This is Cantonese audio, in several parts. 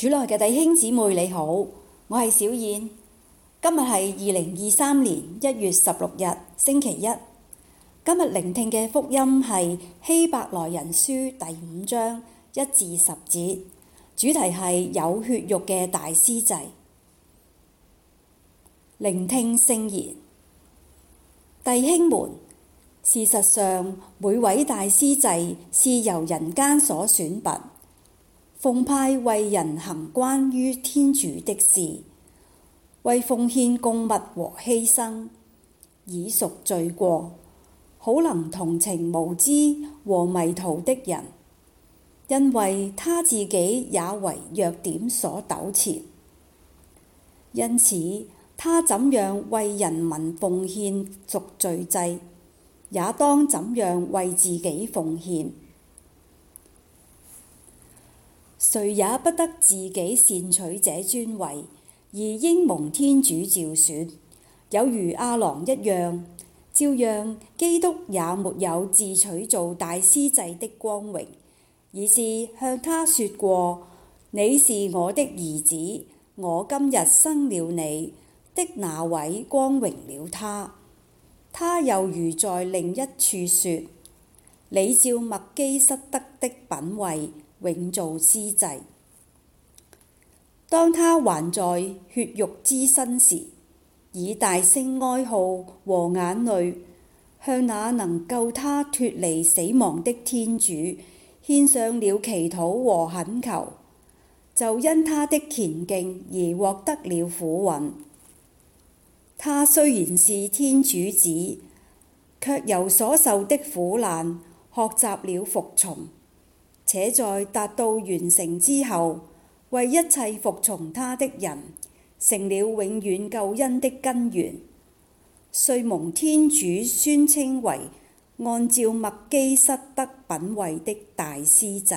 .主內嘅弟兄姊妹，你好，我係小燕。今日係二零二三年一月十六日，星期一。今日聆聽嘅福音係希伯來人書第五章一至十節，主題係有血肉嘅大司祭。聆聽聖言，弟兄們，事實上，每位大司祭是由人間所選拔。奉派為人行關於天主的事，為奉獻供物和犧牲，以贖罪過。好能同情無知和迷途的人，因為他自己也為弱點所糾纏。因此，他怎樣為人民奉獻贖罪祭，也當怎樣為自己奉獻。誰也不得自己擅取這尊位，而應蒙天主召選，有如亞郎一樣。照樣基督也沒有自取做大司祭的光榮，而是向他説過：你是我的兒子，我今日生了你的那位光榮了他。他又如在另一處説：你照默基瑟德的品位。永做司祭。當他還在血肉之身時，以大聲哀號和眼淚，向那能救他脫離死亡的天主，獻上了祈禱和懇求，就因他的虔敬而獲得了俯允。他雖然是天主子，卻由所受的苦難，學習了服從。且在達到完成之後，為一切服從他的人，成了永遠救恩的根源。遂蒙天主宣稱為按照默基瑟德品位的大司祭。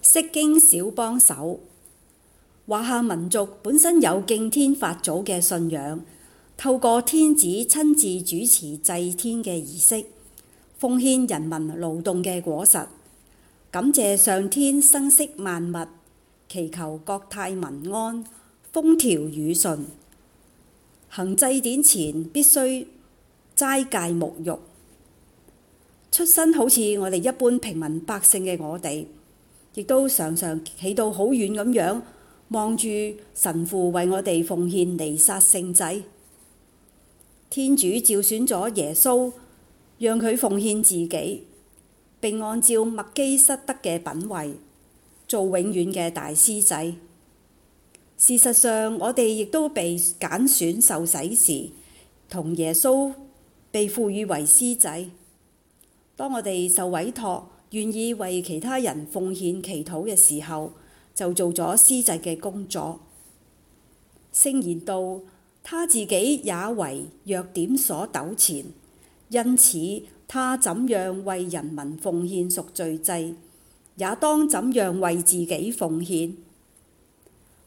釋經小幫手。華夏民族本身有敬天法祖嘅信仰。透過天子親自主持祭天嘅儀式，奉獻人民勞動嘅果實，感謝上天生息萬物，祈求國泰民安、風調雨順。行祭典前必須齋戒沐浴，出身好似我哋一般平民百姓嘅我哋，亦都常常企到好遠咁樣望住神父為我哋奉獻彌撒聖祭。天主召選咗耶穌，讓佢奉獻自己，並按照默基瑟德嘅品位，做永遠嘅大司祭。事實上，我哋亦都被揀選受洗時，同耶穌被賦予為司祭。當我哋受委託，願意為其他人奉獻祈禱嘅時候，就做咗司祭嘅工作，聖言道。他自己也為弱點所糾纏，因此他怎樣為人民奉獻贖罪祭，也當怎樣為自己奉獻。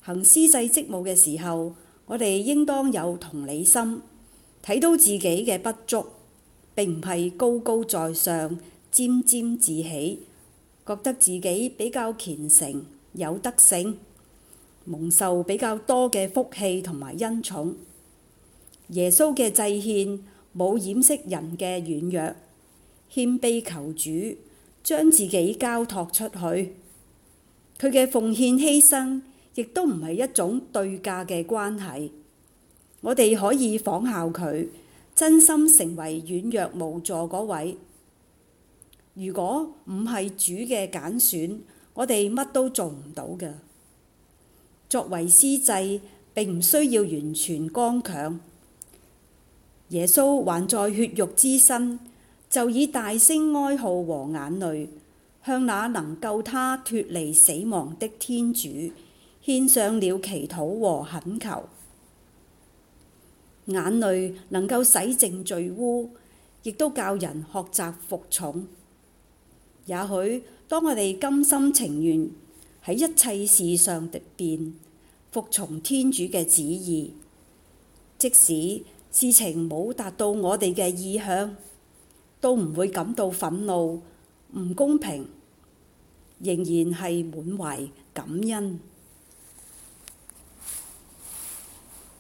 行司祭職務嘅時候，我哋應當有同理心，睇到自己嘅不足，並唔係高高在上、沾沾自喜，覺得自己比較虔誠、有德性。蒙受比較多嘅福氣同埋恩寵，耶穌嘅祭獻冇掩飾人嘅軟弱，謙卑求主將自己交託出去。佢嘅奉獻犧牲亦都唔係一種對價嘅關係。我哋可以仿效佢，真心成為軟弱無助嗰位。如果唔係主嘅揀選，我哋乜都做唔到嘅。作為司祭，並唔需要完全剛強。耶穌還在血肉之身，就以大聲哀號和眼淚，向那能救他脫離死亡的天主，獻上了祈禱和懇求。眼淚能夠洗淨罪污，亦都教人學習服從。也許當我哋甘心情願，喺一切事上敵變，服從天主嘅旨意，即使事情冇達到我哋嘅意向，都唔會感到憤怒、唔公平，仍然係滿懷感恩。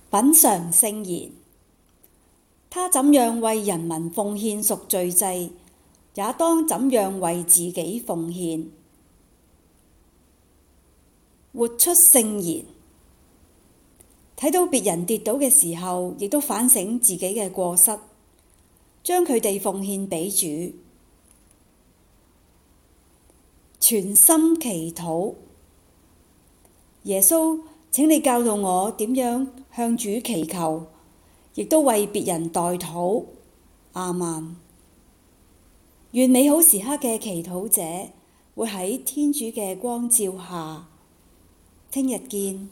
品嚐聖言，他怎樣為人民奉獻贖罪祭，也當怎樣為自己奉獻。活出聖言，睇到別人跌倒嘅時候，亦都反省自己嘅過失，將佢哋奉獻俾主，全心祈禱。耶穌，請你教導我點樣向主祈求，亦都為別人代禱。阿們，願美好時刻嘅祈禱者，會喺天主嘅光照下。聽日見。